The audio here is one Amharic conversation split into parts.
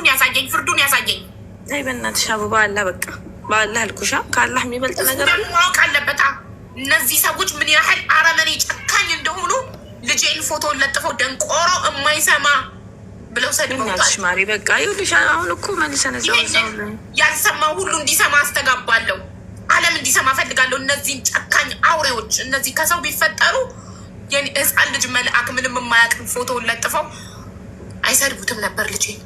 ሂሳቡን ያሳየኝ፣ ፍርዱን ያሳየኝ። አይ በእናትሽ አበባ አላ በቃ በአላ አልኩሻ። ከአላህ የሚበልጥ ነገር ማወቅ አለበት። እነዚህ ሰዎች ምን ያህል አረመኔ ጨካኝ እንደሆኑ ልጄን ፎቶ ለጥፈው ደንቆሮ የማይሰማ ብለው ሰድበውታል። ማሪ በቃ ይኸውልሽ፣ አሁን እኮ መልሰን ያልሰማው ሁሉ እንዲሰማ አስተጋባለሁ። አለም እንዲሰማ ፈልጋለሁ። እነዚህን ጨካኝ አውሬዎች፣ እነዚህ ከሰው ቢፈጠሩ የህፃን ልጅ መልአክ ምንም የማያውቅን ፎቶውን ለጥፈው አይሰድቡትም ነበር ልጄን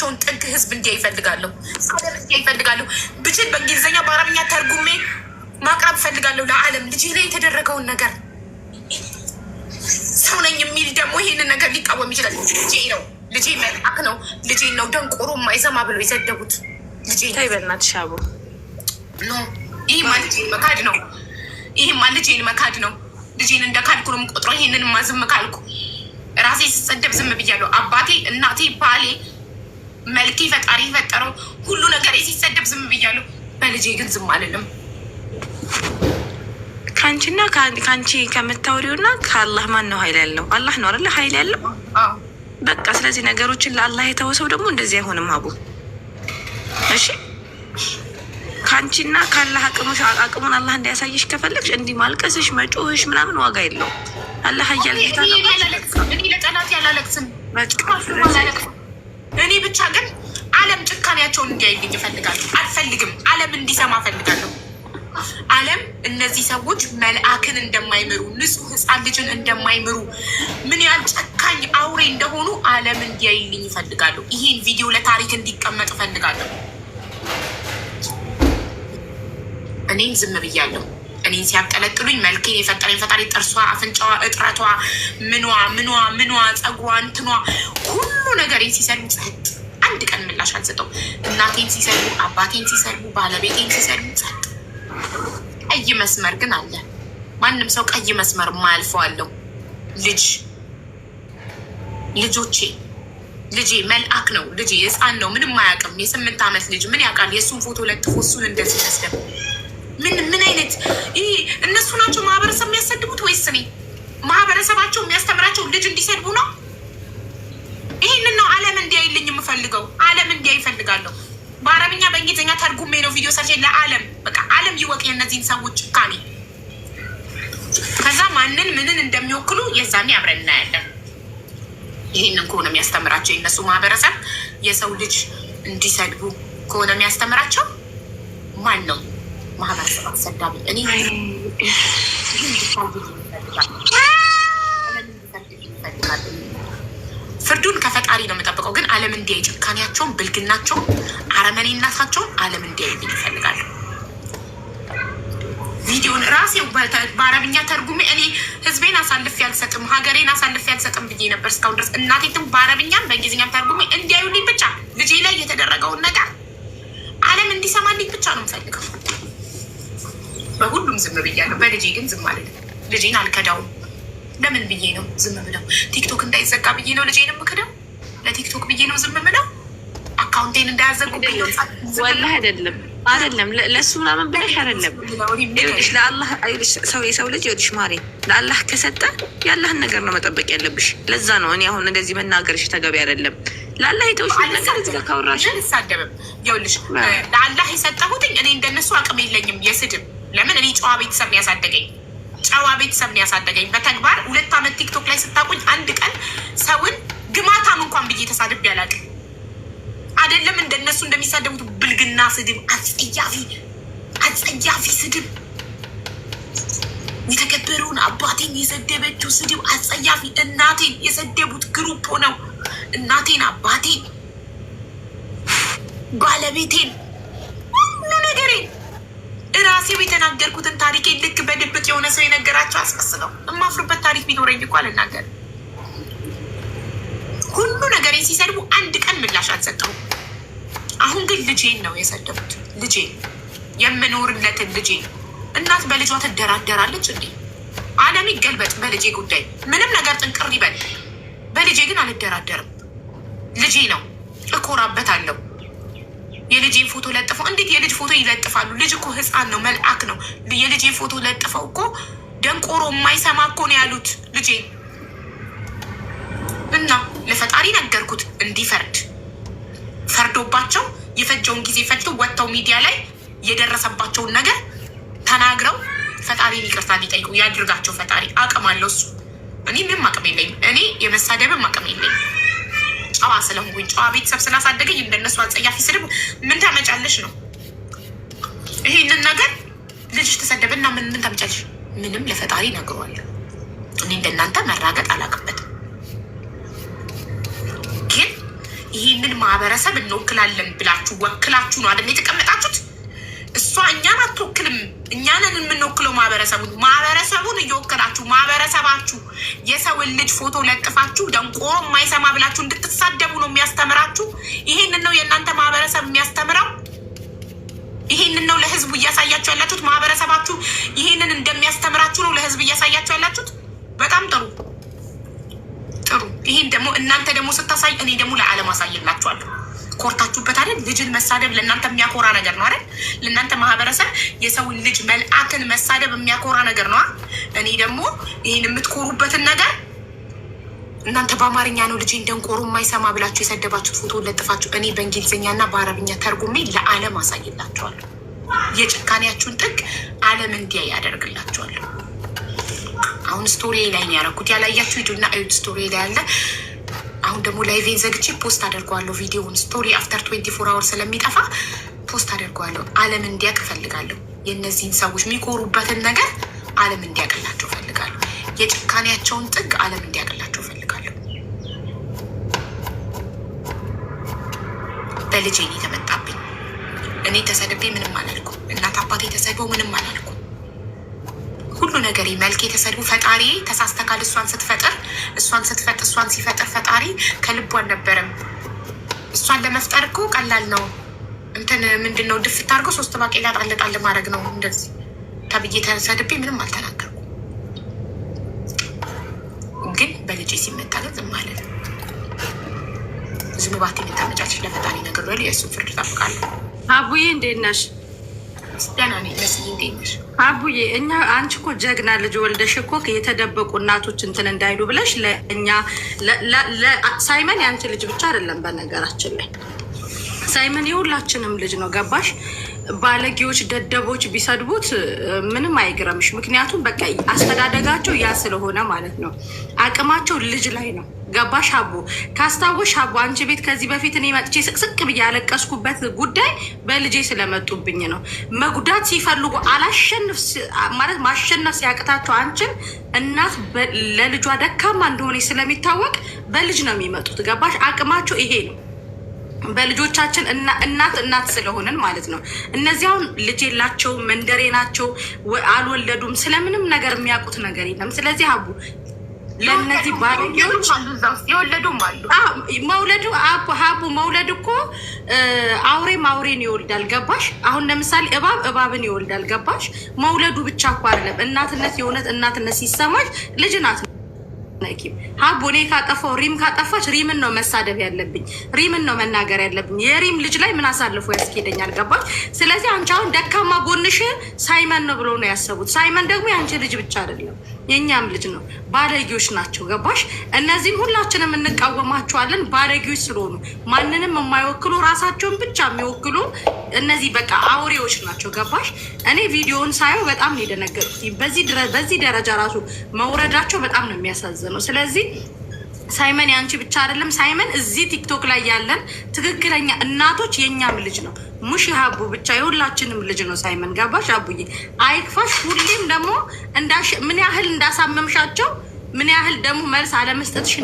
ያላቸውን ጥግ ህዝብ እንዲያ ይፈልጋለሁ፣ ዓለም እንዲያ ይፈልጋለሁ። ብችል በእንግሊዝኛ በአረብኛ ተርጉሜ ማቅረብ እፈልጋለሁ ለዓለም ልጅ ላይ የተደረገውን ነገር። ሰው ነኝ የሚል ደግሞ ይሄንን ነገር ሊቃወም ይችላል። ልጄ ነው ልጄ መልአክ ነው ልጄ ነው ደንቆሮ ማይዘማ ብለው የሰደቡት ልጄ ነው። በእናትሽ አቦ ይህማ ልጄን መካድ ነው። ይህማ ልጄን መካድ ነው። ልጄን እንደ ካድኩ ነው የምቆጥረው። ይህንን ማዝም ካልኩ ራሴ ስጸደብ ዝም ብያለሁ። አባቴ፣ እናቴ፣ ባሌ መልኬ ፈጣሪ የፈጠረው ሁሉ ነገር ሲሰደብ ዝም ብያለሁ። በልጄ ግን ዝም አልልም። ከአንቺና ከአንቺ ከምታወሪውና ከአላህ ማን ነው ኃይል ያለው? አላህ ነው አለ ኃይል ያለው። በቃ ስለዚህ ነገሮችን ለአላህ የተወሰው ደግሞ እንደዚህ አይሆንም። አቡ እሺ ከአንቺና ከአላህ አቅሙሽ አቅሙን አላህ እንዳያሳየሽ ከፈለግሽ እንዲህ ማልቀስሽ መጮህሽ ምናምን ዋጋ የለው። አላህ እያልጌታ ነው። በቃ እኔ ብቻ ግን ዓለም ጭካኔያቸውን እንዲያይልኝ እፈልጋለሁ። አልፈልግም፣ ዓለም እንዲሰማ እፈልጋለሁ። ዓለም እነዚህ ሰዎች መልአክን እንደማይምሩ ንጹህ ሕፃን ልጅን እንደማይምሩ ምን ያህል ጨካኝ አውሬ እንደሆኑ ዓለም እንዲያይልኝ እፈልጋለሁ። ይሄን ቪዲዮ ለታሪክ እንዲቀመጥ እፈልጋለሁ። እኔም ዝም ብያለሁ። እኔን ሲያብጠለጥሉኝ መልኬን የፈጠረኝ ፈጣሪ ጥርሷ፣ አፍንጫዋ፣ እጥረቷ፣ ምኗ ምኗ ምኗ ፀጉሯ፣ እንትኗ ሁሉ ነገሬን ሲሰድቡ ጸጥ፣ አንድ ቀን ምላሽ አልሰጠው እናቴን ሲሰድቡ፣ አባቴን ሲሰድቡ፣ ባለቤቴን ሲሰድቡ ጸጥ። ቀይ መስመር ግን አለ። ማንም ሰው ቀይ መስመር ማያልፈዋለው። አለው። ልጅ ልጆቼ ልጄ መልአክ ነው። ልጄ ህፃን ነው፣ ምንም አያውቅም። የስምንት ዓመት ልጅ ምን ያውቃል? የእሱን ፎቶ ለጥፎ እሱን እንደዚህ መስደብ ምን ምን አይነት ይህ እነሱ ናቸው ማህበረሰብ የሚያሰድቡት ወይስ እኔ ማህበረሰባቸው የሚያስተምራቸው ልጅ እንዲሰድቡ ነው? ይህንን ነው አለም እንዲያይልኝ የምፈልገው። አለም እንዲያይ ይፈልጋለሁ። በአረብኛ በእንግሊዝኛ ተርጉሜ ነው ቪዲዮ ሰርቼ ለአለም በቃ አለም ይወቅ የእነዚህን ሰዎች ጭካኔ። ከዛ ማንን ምንን እንደሚወክሉ የዛኔ አብረን እናያለን። ይህንን ከሆነ የሚያስተምራቸው የእነሱ ማህበረሰብ የሰው ልጅ እንዲሰድቡ ከሆነ የሚያስተምራቸው ማን ነው? ማህበረሰብ አሰዳቢ እኔ ፍርዱን ከፈጣሪ ነው የምጠብቀው። ግን ዓለም እንዲያይ ጭካኔያቸውን፣ ብልግናቸውን፣ አረመኔነታቸውን ዓለም እንዲያይ ይፈልጋሉ። ቪዲዮን ራሴ በአረብኛ ተርጉሜ እኔ ህዝቤን አሳልፌ አልሰጥም፣ ሀገሬን አሳልፌ አልሰጥም ብዬ ነበር እስካሁን ድረስ እናቴትም በአረብኛም በእንግሊዝኛም ተርጉሜ እንዲያዩልኝ ብቻ ልጄ ላይ የተደረገውን ነገር ዓለም እንዲሰማልኝ ብቻ ነው የምፈልገው። በሁሉም ዝም ብያለሁ። በልጄ ግን ዝም አልል። ልጄን አልከዳውም። ለምን ብዬ ነው ዝም ብለው? ቲክቶክ እንዳይዘጋ ብዬ ነው ልጄን ምክደው? ለቲክቶክ ብዬ ነው ዝም ብለው? አካውንቴን እንዳያዘጉብኝ ነው? ወላ አይደለም አይደለም ለእሱ ምናምን ብለሽ አይደለም። ይኸውልሽ ለአላህ ሰው የሰው ልጅ ይኸውልሽ ማሬ ለአላህ ከሰጠ ያላህን ነገር ነው መጠበቅ ያለብሽ። ለዛ ነው እኔ አሁን እንደዚህ መናገርሽ ተገቢ አይደለም። ለአላህ የተውሽ ነገር እዚህ ጋር ካወራሽ ይኸውልሽ ለአላህ የሰጠሁትኝ እኔ እንደነሱ አቅም የለኝም የስድብ ለምን እኔ ጨዋ ቤተሰብ ያሳደገኝ። ጨዋ ቤተሰብ ነው ያሳደገኝ። በተግባር ሁለት ዓመት ቲክቶክ ላይ ስታቁኝ አንድ ቀን ሰውን ግማታም እንኳን ብዬ ተሳድቤ አላውቅም። አይደለም እንደነሱ እንደሚሳደቡት ብልግና ስድብ፣ አጸያፊ አጸያፊ ስድብ የተከበረውን አባቴን የሰደበችው ስድብ አጸያፊ። እናቴን የሰደቡት ግሩፕ ነው። እናቴን፣ አባቴን፣ ባለቤቴን ሁሉ ነገሬን እራሴው የተናገርኩትን ታሪኬ ልክ በድብቅ የሆነ ሰው የነገራቸው አስመስለው እማፍሩበት ታሪክ ቢኖረኝ እኮ አልናገርም። ሁሉ ነገር ሲሰድቡ አንድ ቀን ምላሽ አልሰጠሁም። አሁን ግን ልጄን ነው የሰደቡት። ልጄን የምኖርለትን ልጄን። እናት በልጇ ትደራደራለች እንዴ? ዓለም ይገልበጥ በልጄ ጉዳይ ምንም ነገር ጥንቅር ይበል። በልጄ ግን አልደራደርም። ልጄ ነው እኮራበታለሁ። የልጅን ፎቶ ለጥፈው እንዴት የልጅ ፎቶ ይለጥፋሉ? ልጅ እኮ ህፃን ነው፣ መልአክ ነው። የልጅን ፎቶ ለጥፈው እኮ ደንቆሮ የማይሰማ እኮ ነው ያሉት ልጄ እና ለፈጣሪ ነገርኩት እንዲፈርድ ፈርዶባቸው የፈጀውን ጊዜ ፈጅቶ ወጥተው ሚዲያ ላይ የደረሰባቸውን ነገር ተናግረው ፈጣሪን ይቅርታ ሊጠይቁ ያድርጋቸው። ፈጣሪ አቅም አለው እሱ። እኔ ምንም አቅም የለኝም። እኔ የመሳደብም አቅም የለኝም። ጨዋ ስለሆንኩኝ ጨዋ ቤተሰብ ስላሳደገኝ እንደነሱ አጸያፊ ስድብ ምን ታመጫለሽ ነው። ይሄንን ነገር ልጅሽ ተሰደበና ምን ምን ታመጫለሽ? ምንም ለፈጣሪ ነግሯለሁ። እኔ እንደናንተ መራገጥ አላቅበትም። ግን ይህንን ማህበረሰብ እንወክላለን ብላችሁ ወክላችሁ ነው አደ የተቀመጣችሁት? እሷ እኛን አትወክልም። እኛንን የምንወክለው ማህበረሰቡን። ማህበረሰቡን እየወከላችሁ ማህበረሰባችሁ የሰውን ልጅ ፎቶ ለጥፋችሁ ደንቆሮ የማይሰማ ብላችሁ እንድትሳደቡ ነው የሚያስተምራችሁ። ይሄንን ነው የእናንተ ማህበረሰብ የሚያስተምረው። ይሄንን ነው ለህዝቡ እያሳያችሁ ያላችሁት። ማህበረሰባችሁ ይሄንን እንደሚያስተምራችሁ ነው ለህዝብ እያሳያችሁ ያላችሁት። በጣም ጥሩ ጥሩ። ይሄን ደግሞ እናንተ ደግሞ ስታሳይ እኔ ደግሞ ለዓለም አሳይላችኋለሁ። ኮርታችሁበት አይደል? ልጅን መሳደብ ለእናንተ የሚያኮራ ነገር ነው አይደል? ለእናንተ ማህበረሰብ የሰው ልጅ መልአክን መሳደብ የሚያኮራ ነገር ነው። እኔ ደግሞ ይህን የምትኮሩበትን ነገር እናንተ በአማርኛ ነው ልጅ እንደንቆሩ የማይሰማ ብላችሁ የሰደባችሁት ፎቶ ለጥፋችሁ እኔ በእንግሊዝኛ በአረብኛ ተርጉሜ ለዓለም አሳይላችኋለሁ። የጭካኔያችሁን ጥግ ዓለም እንዲያ ያደርግላችኋለሁ። አሁን ስቶሪ ላይ ያረኩት ያላያችሁ ሂዱና እዩት። ስቶሪ ላይ ያለ አሁን ደግሞ ላይቬን ዘግቼ ፖስት አደርገዋለሁ። ቪዲዮውን ስቶሪ አፍተር ትዌንቲ ፎር አወር ስለሚጠፋ ፖስት አደርገዋለሁ። አለም እንዲያቅ እፈልጋለሁ። የእነዚህን ሰዎች የሚኮሩበትን ነገር አለም እንዲያቅላቸው እፈልጋለሁ። የጭካኔያቸውን ጥግ አለም እንዲያቅላቸው እፈልጋለሁ። በልጄ የተመጣብኝ እኔ ተሰድቤ ምንም አላልኩም። እናት አባቴ ተሰድበው ምንም አላልኩም። ነገር መልክ የተሰዱ ፈጣሪ ተሳስተካል። እሷን ስትፈጥር እሷን ስትፈጥ እሷን ሲፈጥር ፈጣሪ ከልቡ አልነበረም። እሷን ለመፍጠር እኮ ቀላል ነው። እንትን ምንድን ነው ድፍት አድርጎ ሶስት ባቄላ ጣል ጣል ማድረግ ነው። እንደዚህ ተብዬ ተሰድቤ ምንም አልተናገርኩ፣ ግን በልጄ ሲመጣ ግን ዝም አለ። ዝምባት የምታመጫለሽ ለፈጣሪ ነገር የእሱን ፍርድ እጠብቃለሁ። አቡዬ እንዴት ነሽ? ደህና ነኝ። መስዬ እንዴት ነሽ? አቡዬ እኛ አንቺ እኮ ጀግና ልጅ ወልደሽ እኮ የተደበቁ እናቶች እንትን እንዳይሉ ብለሽ ለእኛ ሳይመን የአንቺ ልጅ ብቻ አይደለም። በነገራችን ላይ ሳይመን የሁላችንም ልጅ ነው። ገባሽ? ባለጌዎች፣ ደደቦች ቢሰድቡት ምንም አይግረምሽ። ምክንያቱም በቃ አስተዳደጋቸው ያ ስለሆነ ማለት ነው። አቅማቸው ልጅ ላይ ነው። ገባሽ አቦ ካስታወሽ አቦ አንቺ ቤት ከዚህ በፊት እኔ መጥቼ ስቅስቅ ብዬ ያለቀስኩበት ጉዳይ በልጄ ስለመጡብኝ ነው። መጉዳት ሲፈልጉ አላሸንፍ ማለት ማሸነፍ ሲያቅታቸው አንቺን እናት ለልጇ ደካማ እንደሆነ ስለሚታወቅ በልጅ ነው የሚመጡት። ገባሽ አቅማቸው ይሄ ነው። በልጆቻችን እናት እናት ስለሆንን ማለት ነው። እነዚያውን ልጅ የላቸው መንደሬ ናቸው፣ አልወለዱም። ስለምንም ነገር የሚያውቁት ነገር የለም። ስለዚህ አቡ ለእነዚህ ባሮች መውለዱ ሀቡ መውለድ እኮ አውሬም አውሬን ይወልዳል። ገባሽ? አሁን ለምሳሌ እባብ እባብን ይወልዳል። ገባሽ? መውለዱ ብቻ እኮ አይደለም። እናትነት የእውነት እናትነት ሲሰማሽ ልጅ ናት። ሀቡ እኔ ካጠፋው ሪም ካጠፋች ሪምን ነው መሳደብ ያለብኝ፣ ሪምን ነው መናገር ያለብኝ። የሪም ልጅ ላይ ምን አሳልፎ ያስኬደኛል? ገባች ስለዚህ አንቺ አሁን ደካማ ጎንሽ ሳይመን ነው ብሎ ነው ያሰቡት። ሳይመን ደግሞ የአንቺ ልጅ ብቻ አይደለም የእኛም ልጅ ነው። ባለጌዎች ናቸው። ገባሽ? እነዚህም ሁላችንም እንቃወማቸዋለን ባለጌዎች ስለሆኑ ማንንም የማይወክሉ ራሳቸውን ብቻ የሚወክሉ እነዚህ በቃ አውሬዎች ናቸው። ገባሽ? እኔ ቪዲዮውን ሳየው በጣም ነው የደነገጥኩት። በዚህ ደረጃ ራሱ መውረዳቸው በጣም ነው የሚያሳዝነው። ስለዚህ ሳይመን ያንቺ ብቻ አይደለም። ሳይመን እዚህ ቲክቶክ ላይ ያለን ትክክለኛ እናቶች የእኛም ልጅ ነው። ሙሽ ሀቡ ብቻ የሁላችንም ልጅ ነው። ሳይመን ገባሽ? አቡዬ አይክፋሽ። ሁሌም ደግሞ ምን ያህል እንዳሳመምሻቸው ምን ያህል ደግሞ መልስ አለመስጠትሽ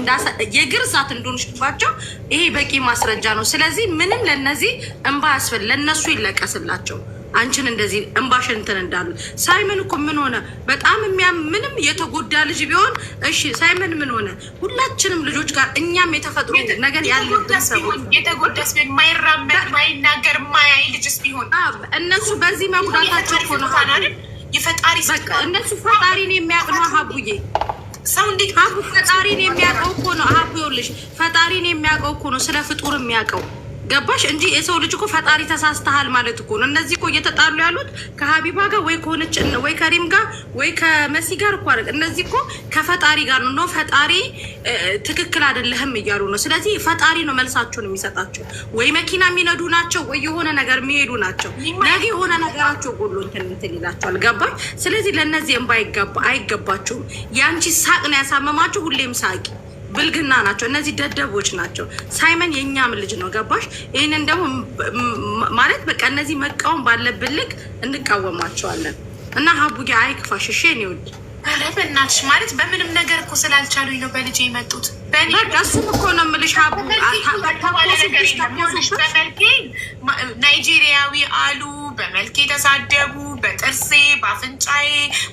የግር እሳት እንደሆንሽባቸው ይሄ በቂ ማስረጃ ነው። ስለዚህ ምንም ለነዚህ እንባ ያስፈል ለእነሱ ይለቀስላቸው። አንቺን እንደዚህ እንባሽን እንትን እንዳሉ ሳይመን እኮ ምን ሆነ? በጣም የሚያም ምንም የተጎዳ ልጅ ቢሆን እሺ፣ ሳይመን ምን ሆነ? ሁላችንም ልጆች ጋር እኛም የተፈጥሮ ነገር ያለሰቡየተጎዳስ ቢሆን ማይራመድ ማይናገር ማያይ ልጅስ ቢሆን እነሱ በዚህ መጉዳታቸው ሆነ የፈጣሪ እነሱ ፈጣሪን የሚያውቅ ነው ሀቡዬ ሰው እንዴት ሀቡ ፈጣሪን የሚያውቀው እኮ ነው አቡ ይኸውልሽ፣ ፈጣሪን የሚያውቀው እኮ ነው ስለ ፍጡር የሚያውቀው ገባሽ እንጂ የሰው ልጅ እኮ ፈጣሪ ተሳስተሃል ማለት እኮ ነው። እነዚህ እኮ እየተጣሉ ያሉት ከሀቢባ ጋር ወይ ከሆነች ወይ ከሪም ጋር ወይ ከመሲ ጋር እኮ አይደል። እነዚህ እኮ ከፈጣሪ ጋር ነው። ነው ፈጣሪ ትክክል አይደለህም እያሉ ነው። ስለዚህ ፈጣሪ ነው መልሳቸውን የሚሰጣቸው። ወይ መኪና የሚነዱ ናቸው፣ ወይ የሆነ ነገር የሚሄዱ ናቸው። ነገ የሆነ ነገራቸው ጎሎ እንትን እንትን ይላቸዋል። ገባሽ? ስለዚህ ለእነዚህ እንባ አይገባቸውም። ያንቺ ሳቅ ነው ያሳመማቸው። ሁሌም ሳቂ ብልግና ናቸው። እነዚህ ደደቦች ናቸው። ሳይመን የእኛም ልጅ ነው። ገባሽ? ይህንን ደግሞ ማለት በቃ እነዚህ መቃወም ባለብን ልክ እንቃወማቸዋለን። እና ሀቡጌ አይክፋሽ፣ እሺ እኔ ውድ በእናትሽ ማለት በምንም ነገር እኮ ስላልቻሉኝ ነው በልጅ የመጡት። እሱም እኮ ነው የምልሽ ናይጄሪያዊ አሉ በመልኬ የተሳደቡ፣ በጥርሴ፣ በአፍንጫዬ፣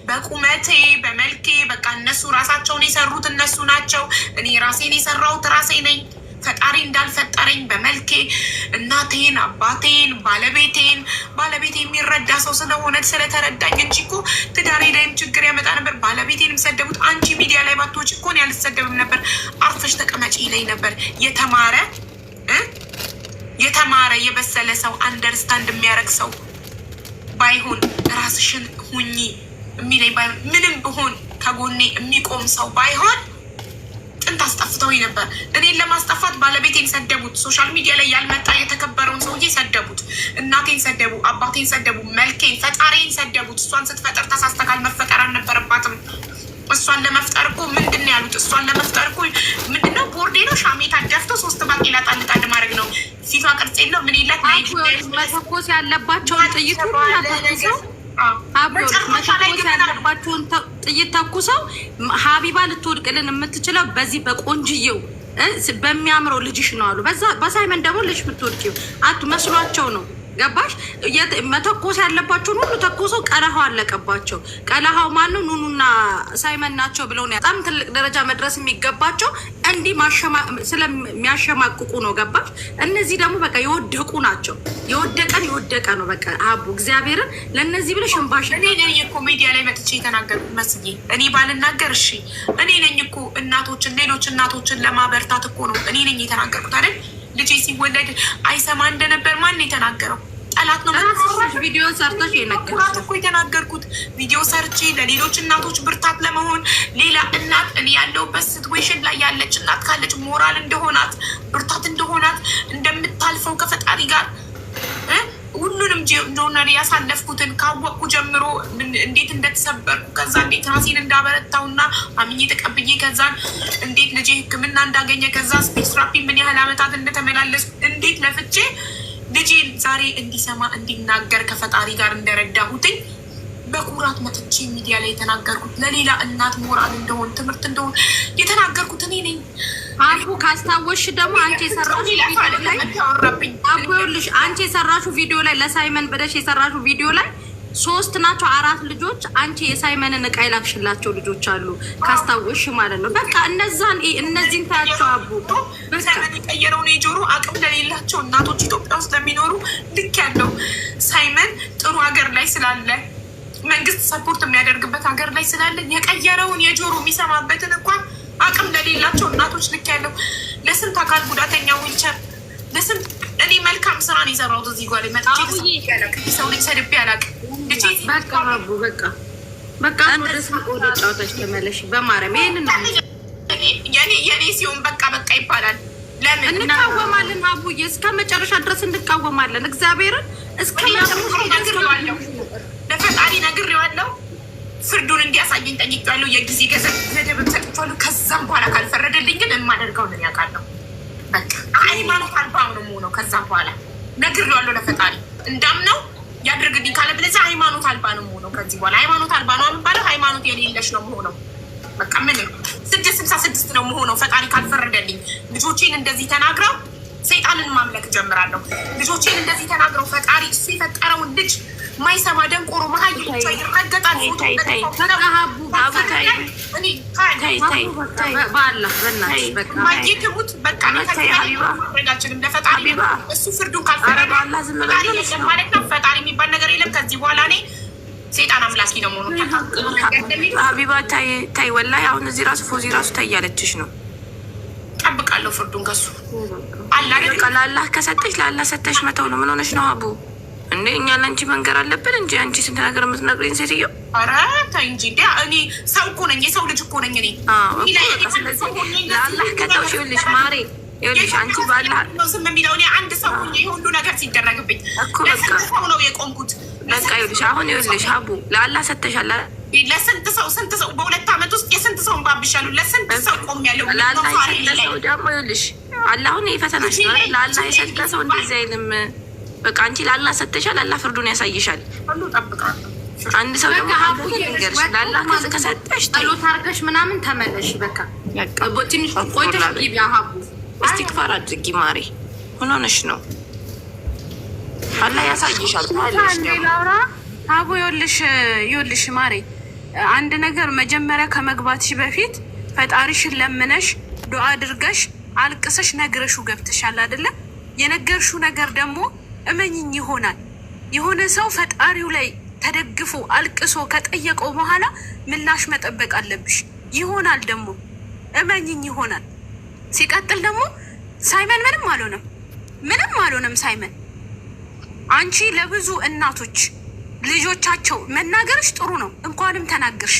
በቁመቴ፣ በመልኬ በቃ እነሱ ራሳቸውን የሰሩት እነሱ ናቸው። እኔ ራሴን የሰራሁት ራሴ ነኝ። ፈጣሪ እንዳልፈጠረኝ በመልኬ እናቴን፣ አባቴን፣ ባለቤቴን ባለቤቴ የሚረዳ ሰው ስለሆነ ስለተረዳኝ እንጂ እኮ ትዳሬ ላይም ችግር ያመጣ ነበር። ባለቤቴን ሰደቡት። አንቺ ሚዲያ ላይ ባትወጪ እኮ እኔ አልሰደብም ነበር። አርፈሽ ተቀመጪ ላይ ነበር የተማረ የተማረ የበሰለ ሰው አንደርስታንድ የሚያደርግ ሰው ባይሆን ራስሽን ሁኚ የሚለኝ ባይሆን ምንም ብሆን ከጎኔ የሚቆም ሰው ባይሆን ጥንት አስጠፍተውኝ ነበር። እኔን ለማስጠፋት ባለቤቴን ሰደቡት። ሶሻል ሚዲያ ላይ ያልመጣ የተከበረውን ሰውዬ ሰደቡት። እናቴን ሰደቡ፣ አባቴን ሰደቡ፣ መልኬን፣ ፈጣሪን ሰደቡት። እሷን ስትፈጠር ተሳስተካል፣ መፈጠር አልነበረባትም እሷን ለመፍጠር እኮ ምንድን ነው ያሉት? እሷን ለመፍጠር እኮ ምንድን ነው ቦርዴ ነው ሻሜታ ደፍቶ ሶስት ባቄላ ጣል ማድረግ ነው። ፊቷ ቅርጽ የለው ምን ይላት መተኮስ ያለባቸውን ጥይት ያለባቸውን ጥይት ተኩሰው ሀቢባ ልትወድቅልን የምትችለው በዚህ በቆንጅየው በሚያምረው ልጅሽ ነው አሉ። በሳይመን ደግሞ ልጅ አቱ መስሏቸው ነው ገባሽ? መተኮስ ያለባቸውን ሁሉ ተኮሶ ቀረሃው አለቀባቸው። ቀለሃው ነው? ኑኑና ሳይመን ናቸው ብለው ነው። በጣም ትልቅ ደረጃ መድረስ የሚገባቸው እንዲህ ስለሚያሸማቅቁ ነው። ገባሽ? እነዚህ ደግሞ በቃ የወደቁ ናቸው። የወደቀን የወደቀ ነው። በቃ አቡ እግዚአብሔርን ለእነዚህ ብለሽ እንባሽ። እኔ ነኝ እኮ ሚዲያ ላይ መጥቼ የተናገርኩት መስዬ። እኔ ባልናገር እሺ፣ እኔ ነኝ እኮ እናቶችን ሌሎች እናቶችን ለማበርታት እኮ ነው እኔ ነኝ የተናገርኩት አይደል? ልጄ ሲወለድ አይሰማ እንደነበር ማን የተናገረው? ጠላት ነው። ቪዲዮ ሰርተሽ የነገርኩት እኮ የተናገርኩት ቪዲዮ ሰርቼ ለሌሎች እናቶች ብርታት ለመሆን ሌላ እናት እኔ ያለሁበት ሲትዌሽን ላይ ያለች እናት ካለች ሞራል እንደሆናት ብርታት እንደሆናት እንደምታልፈው ከፈጣሪ ጋር ሁሉንም ጆርናል ያሳለፍኩትን ካወቅኩ ጀምሮ እንዴት እንደተሰበርኩ ከዛ እንዴት ራሴን እንዳበረታውና አምኜ ተቀብዬ ከዛ እንዴት ልጄ ሕክምና እንዳገኘ ከዛ ስፔስ ምን ያህል አመታት እንደተመላለስ እንዴት ለፍቼ ልጄ ዛሬ እንዲሰማ እንዲናገር ከፈጣሪ ጋር እንደረዳሁትኝ በኩራት መጥቼ ሚዲያ ላይ የተናገርኩት ለሌላ እናት ሞራል እንደሆን ትምህርት እንደሆን የተናገርኩት እኔ ነኝ። አልፎ ካስታወሽ ደግሞ አንቺ የሰራሽ ቪዲዮ ላይ አንቺ የሰራሹ ቪዲዮ ላይ ለሳይመን ብለሽ የሰራሹ ቪዲዮ ላይ ሶስት ናቸው አራት ልጆች አንቺ የሳይመንን እቃ የላክሽላቸው ልጆች አሉ ካስታወሽ ማለት ነው። በቃ እነዛን እነዚህን ታያቸው አቡ ሳይመን የቀየረውን የጆሮ አቅም ለሌላቸው እናቶች ኢትዮጵያ ውስጥ ለሚኖሩ ልክ ያለው ሳይመን ጥሩ ሀገር ላይ ስላለ መንግስት ሰፖርት የሚያደርግበት ሀገር ላይ ስላለ የቀየረውን የጆሮ የሚሰማበትን እንኳን አቅም ለሌላቸው እናቶች ልክ ያለው ለስንት አካል ጉዳተኛ ዊልቸር ለስንት እኔ መልካም ስራን የሰራሁት እዚህ ጓል መጣ ሰው ልጅ ሰድቤ አላውቅም። ሲሆን በቃ በቃ ይባላል። ለምን እንቃወማለን? ሀቡዬ እስከ መጨረሻ ድረስ እንቃወማለን። እግዚአብሔርን እስከ ለፈጣሪ ነግሬዋለሁ። ፍርዱን እንዲያሳየኝ ጠይቄዋለሁ። የጊዜ ገንዘብ ገደብም ሰጥቼዋለሁ። ከዛም በኋላ ካልፈረደልኝ ግን የማደርገው ነው ያውቃለሁ። በቃ ሃይማኖት አልባ ነው የምሆነው። ከዛም በኋላ ነግሬዋለሁ ለፈጣሪ እንዳምነው ያድርግልኝ ካለ ብለዚህ ሃይማኖት አልባ ነው የምሆነው። ከዚህ በኋላ ሃይማኖት አልባ ነው የምባለው ሃይማኖት የሌለሽ ነው የምሆነው። በቃ ምን ስድስት ስልሳ ስድስት ነው የምሆነው ፈጣሪ ካልፈረደልኝ። ልጆቼን እንደዚህ ተናግረው ሰይጣንን ማምለክ ጀምራለሁ። ልጆቼን እንደዚህ ተናግረው ፈጣሪ እሱ የፈጠረውን ልጅ ማይሰማ ደንቆሮ መሀል ይረገጣል። እሱ ፍርዱን ፈጣሪ የሚባል ነገር የለም ከዚህ በኋላ እኔ ሴጣን አምላኪ ነው መሆኑ ሀቢባ ታይ ወላሂ አሁን እዚህ ራሱ ፎዚ ራሱ ታይ ያለችሽ ነው። ጠብቃለሁ ፍርዱን ከሱ አላህ ከሰጠሽ ለአላህ ሰጠሽ መተው ነው። ምን ሆነሽ ነው አቡ እንዴ እኛ ለአንቺ መንገር አለብን እንጂ አንቺ ስንት ነገር የምትነግሪኝ ሴትዮ። ኧረ ተይ እንጂ እንዲ እኔ ሰው እኮ ነኝ፣ የሰው ልጅ እኮ ነኝ እኔ። ለአላህ ከተውሽ ይኸውልሽ ማሬ ይኸውልሽ አንቺ ባላ ስም የሚለው እኔ አንድ ሰው ነገር ሲደረግብኝ እኮ በቃ ሰው ነው የቆምኩት። በቃ ይኸውልሽ አሁን ይኸውልሽ ሀቡ ለአላህ ሰተሻለ ለስንት ሰው ስንት ሰው በሁለት ዓመት ውስጥ የስንት ለስንት ሰው ቆም ያለው ለአላህ ሰው ደግሞ ይኸውልሽ አላሁን ለአላህ የሰጠ ሰው እንደዚህ አይልም። በቃ አንቺ ላላ ሰጥተሻል፣ አላ ፍርዱን ያሳይሻል። አንድ ሰው ደግሞ ይንገርሽ፣ ላላ ከሰጠሽ ጸሎት አድርገሽ ምናምን ተመለሽ። በቃ ትንሽ ቆይተሽ ሀቡ እስቲክፋር አድርጊ ማሬ። ምን ሆነሽ ነው? አላ ያሳይሻል። ሀቡ ይኸውልሽ፣ ይኸውልሽ ማሬ አንድ ነገር መጀመሪያ ከመግባትሽ በፊት ፈጣሪሽን ለምነሽ ዱአ አድርገሽ አልቅሰሽ ነግረሹ ገብተሻል አይደለም? የነገርሹ ነገር ደግሞ እመኝኝ ይሆናል። የሆነ ሰው ፈጣሪው ላይ ተደግፎ አልቅሶ ከጠየቀው በኋላ ምላሽ መጠበቅ አለብሽ። ይሆናል ደግሞ እመኝኝ ይሆናል። ሲቀጥል ደግሞ ሳይመን ምንም አልሆነም፣ ምንም አልሆነም ሳይመን። አንቺ ለብዙ እናቶች ልጆቻቸው መናገርሽ ጥሩ ነው፣ እንኳንም ተናገርሽ።